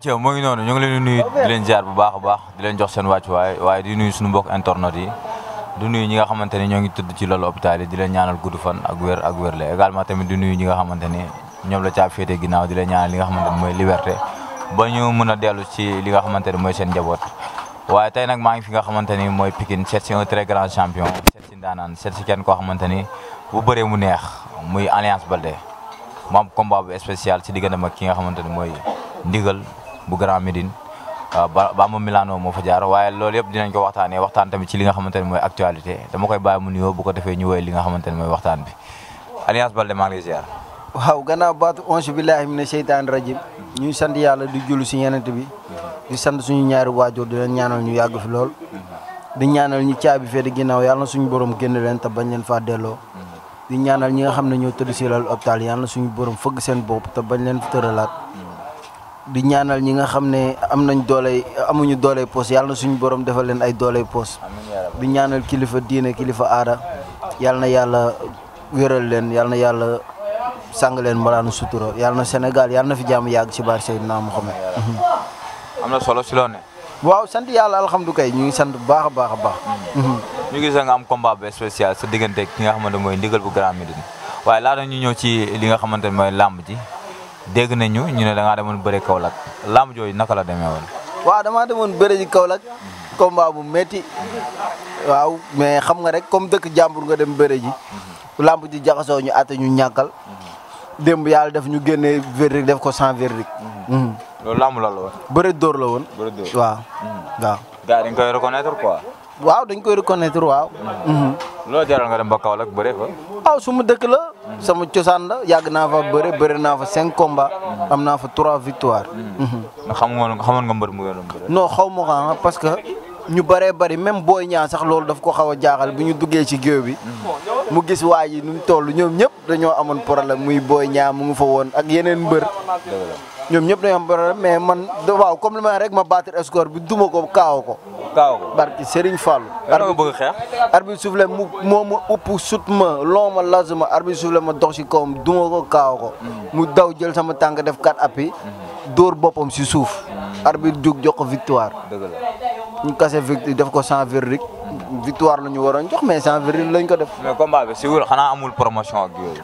Thiaw moo ngi noonu ñu ngi leen di nuyu di leen ziar bu baax a baax di leen jox seen wàccuwaay waaye di nuyu suñu mbokk internet yi di nuyu ñi nga xamante ni ñoo ngi tëdd ci loolu hôpital di leen ñaanal gudd fan ak wér ak wér la ñi nga xamante ni ñoom la caa féete ginnaaw di leen ñaanal li nga xamante ni mooy liberté ba ñu mën a dellu ci li nga xamante ni mooy seen njaboot waaye tey nag maa ngi fi nga xamante ni mooy Pikine seet si un très grand champion seet si ndaanaan seet si kenn koo xamante ni bu bëree mu neex muy Alliance Baldé mu am combat bu spécial si diggante mag ki nga xamante ni mooy ndigal bu Grand Médine Bamba euh, Milano moo fa jaar waaye lool yëpp dinañ ko waxtaanee waxtaan tamit ci li nga xamante ne mooy actualité dama koy bàyyi mu nuyoo bu ko defee ñu woy li nga xamante ne mooy waxtaan bi Alliance Baldé maa ngi lay ziar. waaw gannaaw baatu onze billahi mina seytaani rajim ñu sant yàlla di jullu si yenent bi di sant suñu ñaari waajur di leen ñaanal ñu yàgg fi lool di ñaanal ñu caabi fee di ginnaaw yàlla na suñu borom génn leen te bañ leen faa delloo ñaanal ñi nga xam ne ñoo tëdd si lal hôpital yàlla na suñu borom fëgg seen bopp te bañ leen tëralaat di ñaanal ñi nga xam ne am nañ doole amuñu doole poos yàlla na suñu borom defal leen ay doole poos di ñaanal kilifa diine kilifa aada yàlla na yàlla wéral leen yàlla na yàlla sàng leen mbalaanu suturo yàlla na Sénégal yàlla na fi jàmm yàgg ci baar Seydina Muhammad na solo si loo ne. waaw sant yàlla alhamdu kay ñu ngi sant bu baax a baax a baax. Hmm. Hmm. ñu gis am combat bu spécial sa diggante ki nga xamante mooy ndigal bu Grand Médine waaye laata ñu ñëw ci li nga xamante ne mooy làmb ji. dégg nañu ñu ne da ngaa demoon bëre Kaolack lamb jooju naka la demee woon. waaw damaa demoon bëre ji Kaolack combat bu metti waaw mais xam nga rek comme dëkk jàmbur nga dem bëre ji làmb ji jaxasoo ñu àtte ñu ñàkkal démb yàlla def ñu génnee verdict def ko sans verdict. Mhm. loolu làmb la la woon. bëre dóor la woon. waaw. Mhm. waaw. dañ koy reconnaître quoi. waaw dañ koy reconnaître waaw. Mhm. loolu jaral nga dem ba Kaolack bëre waaw suma dëkk la sama cosaan la yàgg naa fa bëre bëre naa fa cinq combats am naa fa trois victoires. Mm-hmm. xam nga xamoon nga mbër mu wér non xaw ma ko ah, parce que ñu bëree bari même booy ñaa sax loolu daf ko xaw a jaaxal bu ñu duggee ci géew bi. Mm-hmm. mu gis waa nu mu toll ñoom ñëpp dañoo amoon problème muy booy ñaa mu ngi fa woon ak yeneen mbër. ñoom ñëpp dañoo am problème mais man waaw comme li ma rek ma battre score bi duma ko kaaw ko. kaaw ko barki Serigne Fall. arbitre bëgg xeex. mu moo ma upp sut ma loo ma las ma arbitre soufflé ma dox si kawam duma ko kaaw ko. Mm-hmm. mu daw jël sama tànk def quatre appuis. Mm-hmm. dóor boppam si suuf. Mm-hmm. arbitre jóg jox ko victoire. dëgg la ñu kase victoire def ko sans verdict. victoire la ñu waroon jox mais sans viril lañ ko def. mais combat bi si wul xanaa amul promotion ak yooyu.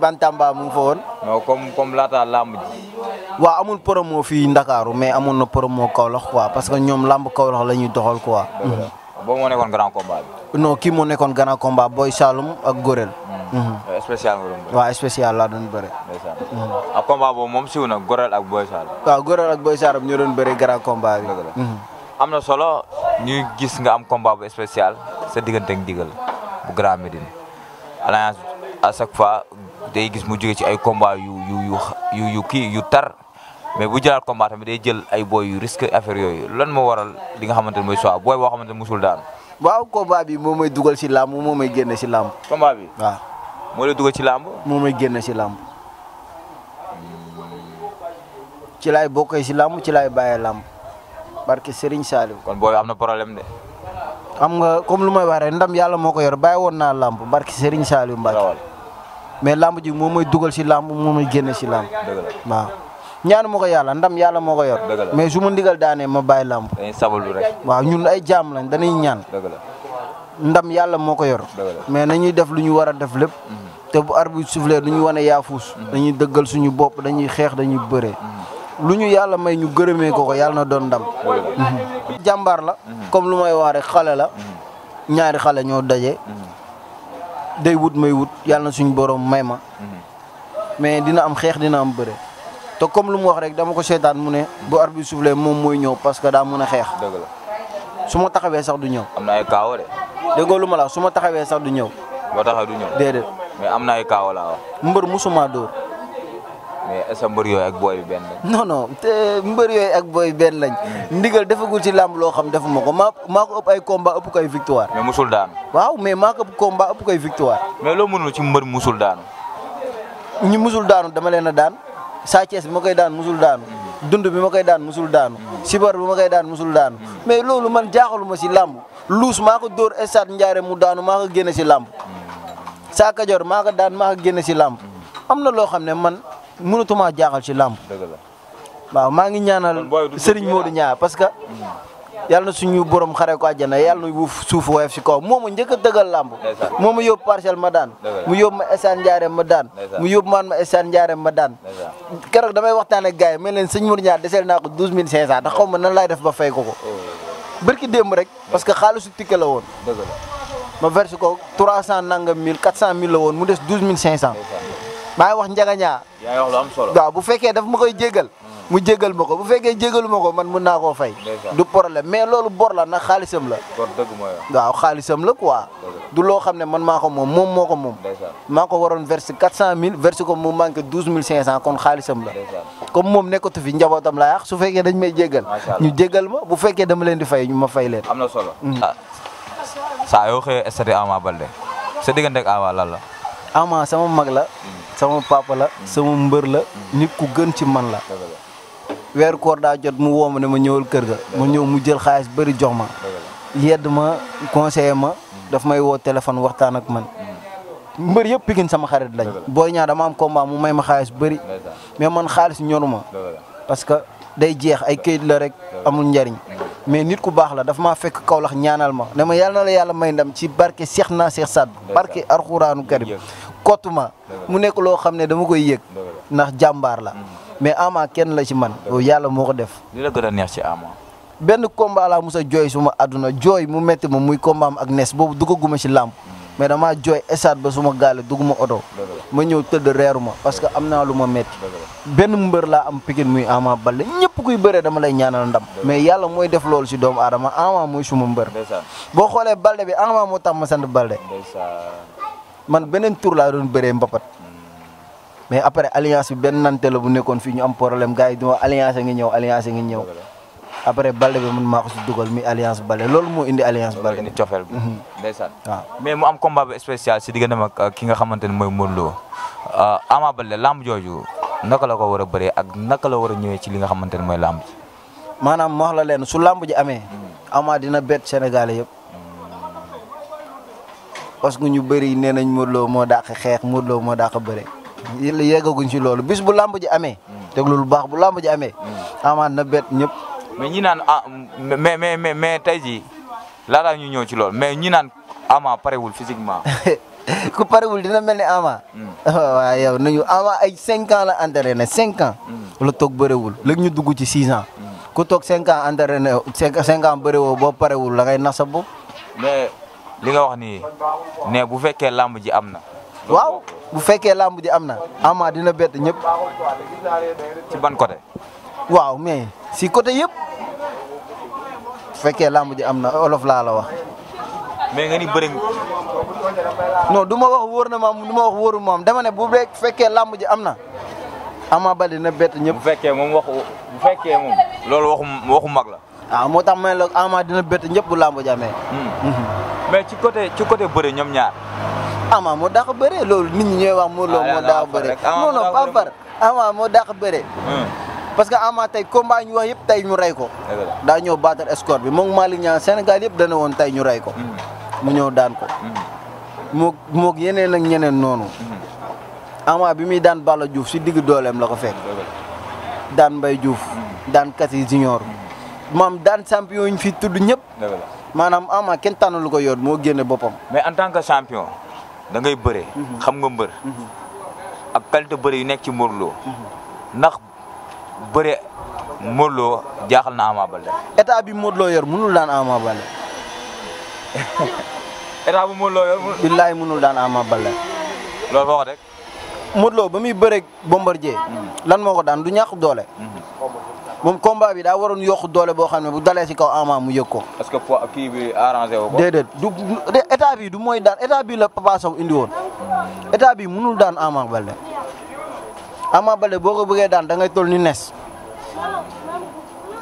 Bantamba mu ngi fa woon. non laata làmb ji. waaw amul promo fii Ndakaaru mais amoon na promo Kaolack quoi parce que ñoom làmb Kaolack la ñuy doxal quoi. Mhm. boo moo nekkoon grand combat kii moo nekkoon grand combat Boy Saloum ak Gorel. Mhm. spécial nga doon bëri. waaw doon bëri. Mhm. ak ah, combat boobu moom siw na Gorel ak Boy Saloum. waaw Gorel ak Boy Saloum ñoo doon bëri grand bi. ñuy gis nga am combat bu spécial sa diggante ak Ndigal bu Grand Médine alliance à chaque fois day gis mu jóge ci ay combat yu yu yu yu kii yu tar mais bu jëlaat combat tamit day jël ay boy yu risque affaire yooyu lan moo waral li nga xamante ne mooy soit booy boo xamante ne musul daanu. waaw combat bi moo may dugal si làmb moo may génne si lamb combat bi waaw. moo ci làmb. moo may génne si làmb. ci laay bokkee si làmb ci laay bàyyee làmb. barke Serigne Saliou. kon booy am na problème de. am nga comme lu may wax rek ndam yàlla moo ko yor bàyyi woon naa làmb barke Serigne Saliou Mbacke. mais làmb ji moom mooy dugal si làmb moom mooy génne si làmb. waaw ñaanu moo ko yàlla ndam yàlla moo ko yor. mais su ma ndigal daanee ma bàyyi làmb. dañuy rek. waaw ñun ay jaam lañ dañuy ñaan. ndam yàlla moo ko yor. mais nañuy def lu ñu war a def lépp. Mhm. te bu arbitre soufflé du ñu wane yaafuus. Mhm. dañuy dëggal suñu bopp dañuy xeex dañuy bëree. Mhm. lu ñu yàlla may ñu gërëmee ko ko yàlla na doon ndam. jàmbaar la. comme lu may wax rek xale la. ñaari xale ñoo daje. day wut may wut yàlla na suñu borom may ma. mais dina am xeex dina am bëre. te comme lu mu wax rek dama ko seetaan mu ne bu arbitre soufflé moom mooy ñëw parce que daa mën a xeex. dëgg su ma taxawee sax du ñëw. am na ay kaawa de. lu ma la su ma taxawee sax du ñëw. boo taxawee du ñëw déedéet. mais am na ay kaawa laa wax. mbër musuma dóor. mais est-ce que mbër yooyu ak booy bi benn lañ. non non te mbër hmm. ci làmb loo xam defuma ko maa ko ëpp ay combat ëpp koy victoire. mais musul daanu. waaw mais maa ko ëpp combat ëpp koy victoire. mais loo mënul ci mbër musul daanu. ñi musul daanu dama leen a daan Sa Thiès bi ma koy daan musul daanu. Hmm. dund bi ma koy daan musul daanu. Hmm. sibar bi ma koy daan musul daanu. mais loolu man jaaxaluma si làmb luus maa ko dóor stade Ndiarème mu daanu maa ko génne si làmb. Sa Kajoor maa ko mënatumaa jaaxal si làmb waaw maa ngi ñaanal Serigne Modou Niang parce que yàlla na suñu borom xaree ko àjjana yàlla na suuf woyof si kaw moo ma njëkk a dëggal làmb moo ma yóbbu parcelle ma daan mu yóbbu ma esaan njaareem ma daan mu yóbbu maan ma esaan njaareem ma daan keroog damay waxtaan ak gars yi mel leen sëñ Modou Niang deseel naa ko douze mille cinq cent te xaw ma nan laay def ba fay ko ko oh. bërki démb rek parce que xaalisu tikke la woon ma verse ko trois cent nangam mille quatre cent mille la woon mu des maay wax njaga ñaa ya, wax lu am solo waaw bu fekke daf makoy djegal mu djegal mako bu fekke djegal mako man mën na ko fay du problème mais loolu bor la na khalisam la bor dëgg mooy waaw khalisam la quoi du lo xamne man mako mom mom moko mom mako waron maa 400.000, waroon verse quatre verse ko mu manqué 12500 kon khalisam la comme mom nekotu fi njabotam la wax su fekke dañ may djegal ñu djegal ma bu fekke dama len di fay ñu ma fay len amna solo sa yo xé stade Ama balde sa diggante ak Ama la Ama sama mag la mm sama papa la hmm. sama mbeur la hmm. nit ku gën ci man la wër koor da jot mu wom ne ma ñewul kër ga mu ñew mu jël xaaliss bari jox ma yedd ma conseiller ma hmm. daf may wo téléphone waxtaan ak man mbeur yëpp pigin sama xarit lañ boy ñaa dama am combat mu may ma xaaliss bari mais man xaaliss ñoruma parce que day jeex ay kayit la rek amul njariñ mais nit ku bax la daf ma fekk kaolax ñaanal ma ma yalla na la yalla may ndam ci barké cheikh na cheikh sad barké alcoranu karim kottuma mu nekk loo xam ne dama koy yëg ndax jàmbaar la mm. mais Ama kenn la ci man yàlla moo ko def. li la a neex benn combat laa mos jooy suma àdduna jooy mu métti ma muy combat am ak nees boobu duggaguma ci làmb mm. mais damaa jooy esaat ba suma gaale dugguma oto ma ñëw tëdd reeru ma parce que am naa lu ma métti benn mbër laa am pikin muy Ama Baldé ñëpp kuy bëree dama lay ñaanal ndam mais yàlla mooy def lool si doomu aadama Ama mooy suma mbër boo xoolee Baldé bi Ama moo tax ma sant Baldé man beneen tour laa doon bëree mbapat mais après alliance bi benn nante la bu nekkoon fii ñu am poroblème gars yi di alliance ngi ñëw alliance ngi ñëw après Balde bi man maa ko si dugal mi alliance Balde loolu moo indi alliance Balde ni cofeel bi mhm. mais mu am combat bu spécial si diggante ak ki nga xamante ne mooy Modou Lo ah, Ama Balde lamb jooju naka la ko war a bëree ak naka la war a ñëwee ci li nga xamante ne mooy lamb ji maanaam ma la leen su lamb ji amee mhm. Ama dina bett Sénégalais yëpp parce que ñu bëri nee nañ Modou Lo moo dàq xeex Modou Lo moo dàq bëre yeggaguñ ci loolu bis bu làmb ji amee. teg lu baax bu làmb ji amee. amaat na bet ñëpp. mais ñi naan ah mais mais mais mais tey jii laataa ñu ñëw ci loolu mais ñi naan Ama parewul physiquement. ku parewul dina mel ni Ama. Hmm. waaw yow nañu Ama ay cinq la entraîné cinq ans. Hmm. la toog bëriwul léegi ñu dugg ci six ans. Hmm. ku toog cinq ans entraîné cinq ans bëriwoo boo parewul la ngay nasa bopp. li nga wax nii ne bu fekkee làmb ji am na. waaw bu fekkee làmb ji am na. Ama dina bett ñëpp. ci ban côté. waaw mais si côté yëpp bu fekkee làmb ji am na olof laa la wax. mais nga ni bëri. non du ma wax wóor na maam ma wax wóoru maam dama ne bu fekkee làmb ji am na. Ama Baldé dina bett ñëpp. bu fekkee moom waxu bu fekkee loolu waxu waxu mag la. ah moo tax ma la Ama dina bett ñëpp bu làmb ji mais ci côté ci côté bëre ñoom ñaar. Ama ah, mo dàq bëre loolu nit ñi ñooy wax Modou Lo ah, moo bëre. Ah, non non pas Ama moo dàq bëre. Hmm. parce que Ama tey combat ñu wax yëpp tey ñu rey ko. daa ñëw battre score bi moom Malick Niang Sénégal yëpp dana woon tey ñu rey ko. Hmm. mu ñëw daan ko. Hmm. moog moog yeneen ak ñeneen noonu. Ama bi muy daan bala Diouf si digg dooleem la ko fekk. daan Mbaye Diouf. daan Kati Junior. maam daan champion yi ñu fi tudd ñëpp. maanaam Ama kenn tànn lu ko yoon moo génne boppam. mais en tant que champion da ngay bëre. Mhm. xam nga mbër. Mhm. ak qualité bëre yu nekk ci Modou Lo. Mhm. bëre Modou jaaxal na Ama Baldé. état bi Modou Lo yor mënul daan Ama Baldé. état bu Modou Lo yor mënul. daan Ama Baldé. loolu foo ko teg. Modou ba muy bëreeg Bombardier. lan moo ko daan du ñàkk doole. moom combat bi daa waroon yokk doole boo xam ne bu dalee si kaw Ama mu yëg ko. est-ce que poids kii bi arrangé wu du état bi du mooy daan état bi la Papa Sow indi woon état bi mënul daan Ama Baldé Ama Baldé boo ko bëggee daan da ngay toll ni nes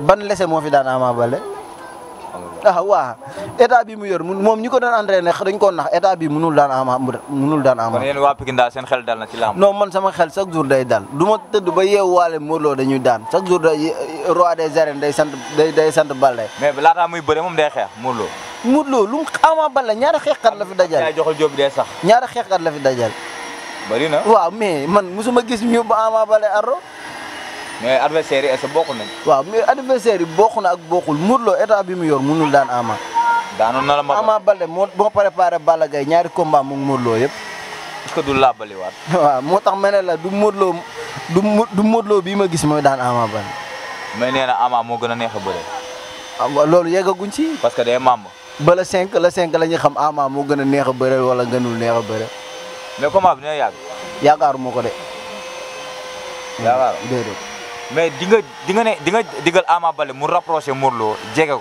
ban lese moo fi daan Ama Baldé. ah waaw état bi mu yor moom ñi ko doon entraîné dañ ko nax état bi munul daan ama daan ama. kon yéen waa ma ba yeewaale Modou Lo dañuy daan chaque jour day roi des lu mu Ama Balla ñaari xeexkat la fi dajal. yaa joxul jóob dee sax. la fi dajal. bari na waaw mais man musuma gis ñu ba Ama Balla mais adversaire yi est-ce que bokk nañ. waaw mais adversaire yi bokk na ak bokkul Modou Lo état bi mu yor mu mënul daan Ama. daanu na ma Ama Baldé moo moo préparé Balla Gaye ñaari combat mu Modou Lo yëpp. est-ce que du laabaliwaat. waaw moo tax ma ne la du Modou Lo du du Modou Lo bii ma gis mooy daan Ama Baldé. mais nee na Ama moo gën a neex a bëre. ah loolu yeggaguñ ci. parce que day màmb. ba la 5 la 5 la ñuy xam Ama moo gën a neex a bëre wala gënul neex a bëre. mais combat bi dina yàgg. ko de. mais di nga di nga ne di nga digal Ama Baldé mu rapproché Modou ko.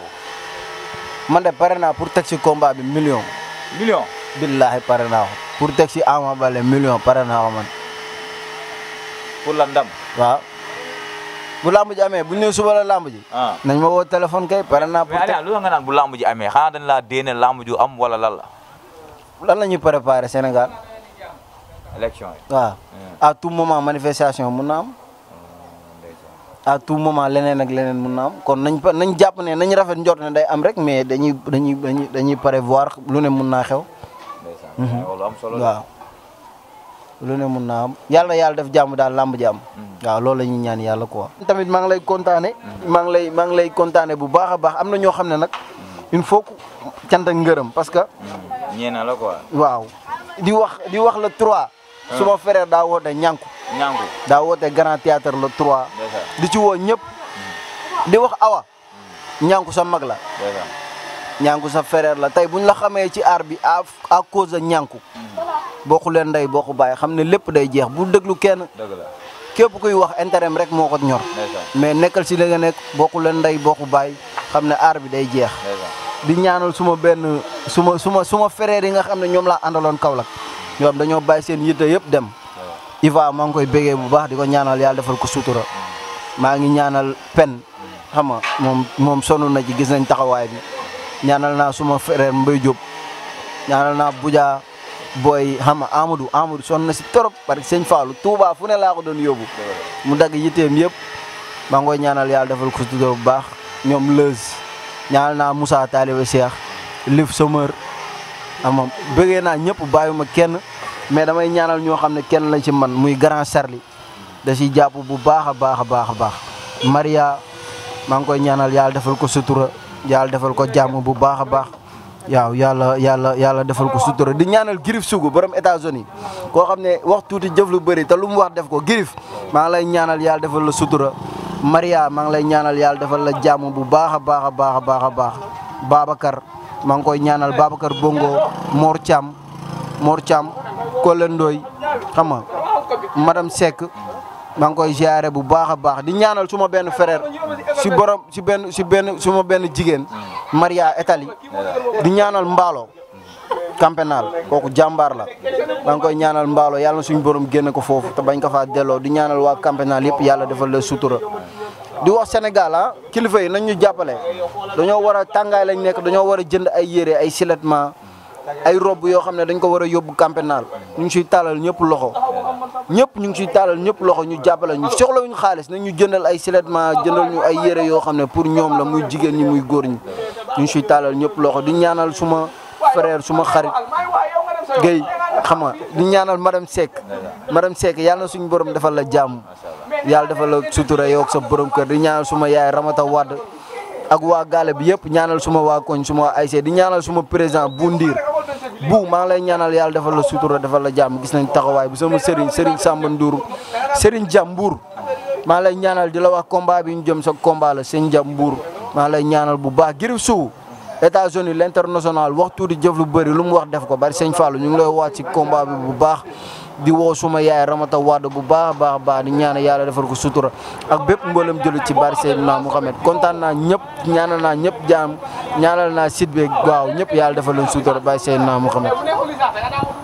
man de pare naa pour teg si combat million. million. billaahi pare naa ko pour teg si Ama Baldé million pare naa ko man. pour la ndam. waaw. bu lamb ji amee bu ñu nee suba la lamb ah. nañ ma woo téléphone kay pare naa. pour teg mais Alioune lu nga bu lamb ji amee xanaa dañ laa déene lamb ju am wala lan la. lan la ñuy préparé Sénégal. élection yi waaw. Hmm. à tout moment à tout moment leneen ak leneen mun na kon nañ nañ jàpp ne nañ rafet njort ne day am rek mais dañuy dañuy dañuy dañuy prévoir lu ne mun naa xew. Mhm. waaw. lu ne mun naa am yàlla na yàlla def jàmm daal làmb ji am. Mhm. waaw loolu la ñuy ñaan yàlla quoi. tamit maa ngi lay kontaane. Mhm. maa ngi lay maa lay kontaane bu baax a baax am na ñoo xam ne nag. il faut que cant ngërëm parce que. ñeena la quoi. waaw di wax di wax le trois. Ah. suma frère daa woote ñànku. ñangu daa woote grand théâtre la trois di ci woo ñëpp. di wax awa. Mm. ñangu sa mag la. ñangu sa frère la tey bu ñu la xamee ci aar bi à à cause de ñanku. boo ko leen ndey boo ku bàyyi xam ne lépp day jeex bu déglu kenn. képp kuy wax intérêt rek moo ko ñor. mais nekkal si li nga nekk boo ko leen ndey boo ko bàyyi xam ne aar bi day jeex. di ñaanal suma benn suma suma suma frère yi nga xam ne ñoom laa àndaloon Kaolack ñoom dañoo bàyyi seen yitte yëpp dem. Iva maa ngi koy bégee bu baax di ko ñaanal yàlla defal ko sutura maa ngi ñaanal pen xam moom moom sonn na ci gis nañ taxawaay bi ñaanal naa suma frère Mbaye Diop ñaanal naa Boudia booy xam nga amadu Amadou sonn na si trop parce que sëñ Fallou Touba fu laa ko doon yóbbu mu dagg yitteem yëpp maa ngi koy ñaanal yàlla defal ko sutura bu baax ñoom lëz ñaanal naa Moussa Talibé Cheikh Lif Sommer xam nga bégee naa ñëpp bàyyi ma kenn mais damay ñaanal ñoo xam ne kenn la ci man muy grand Charlie da ciy jàpp bu baax a baax a baax a baax Maria maa ngi koy ñaanal yàlla defal ko sutura yàlla defal ko jàmm bu baax a baax waaw yàlla yàlla yàlla defal ko sutura di ñaanal Girif Sougou borom États-Unis koo xam ne wax tuuti jëf lu bëri te lu mu wax def ko Girif maa ngi lay ñaanal yàlla defal la sutura Maria maa ngi lay ñaanal yàlla defal la jàmm bu baax a baax a baax a baax a baax Babacar maa ngi koy ñaanal Babacar Bongo Mor Thiam Mor Thiam Kolle Ndoye xam nga madame Seck maa ngi koy ziare bu baax a baax di ñaanal suma benn frère si borom si benn si benn suma benn jigéen Maria Etali di ñaanal mbaalo campenal kooku jàmbaar la maa ngi koy ñaanal mbaalo yàlla na suñu borom génn ko foofu te bañ ko faa dello di ñaanal waa campenal yëpp yàlla defal la sutura di wax Sénégal ah kilifa yi nañ ñu jàppale dañoo lañ nekk dañoo war a jënd ay yére ay siletement ay rob yoo xam ne dañ ko war a yóbbu campénal ñu ngi siy taalal ñëpp loxo ñëpp ñu ngi siy taalal ñëpp loxo ñu jàppale ñu soxlawuñ xaalis nañ ñu jëndal ay sous-vêtements jëndal ñu ay yére yoo xam ne pour ñoom la muy jigéen ñi muy góor ñi ñu ngi siy taalal ñëpp loxo di ñaanal suma frère suma xarit Guèye xam nga di ñaanal madame Seck madame Seck yàlla na suñu borom defal la jàmm yàlla defal la sutura yow ak sa borom kër di ñaanal suma yaay Ramata Wade ak waa gaale yëpp ñaanal suma waa koñ suma ayse di ñaanal suma président bu ndiir bu maa ngi lay ñaanal yàlla defal la sutura defal la jàmm gis nañ taxawaay bi sama Serigne Serigne Samba Ndour Serigne Jambour maa lay ñaanal di la wax combat bi ñu jëm sa combat la seen Jambour maa lay ñaanal bu baax Girif Sow États-Unis l'international wax tuuti jëf lu bëri lu mu wax def ko bari sëñ Fallou ñu ngi lay waat ci combat bu baax di woo suma yaay Ramata Wade bu baax baax baax di ñaana yàlla defal ko sutura ak bépp mboolem jëlu ci bari Seydina Mouhamed kontaan naa ñëpp ñaanal naa ñëpp jaam ñaanal naa sit bi waaw ñëpp yàlla defal leen sutura bari Seydina Mouhamed.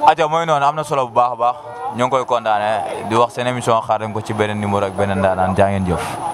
aja mooy noonu am na solo bu baax a baax ñoo ngi koy kontaanee di wax seen émission xaar nañ ko ci beneen numéro ak beneen daanaan jaa ngeen jëf.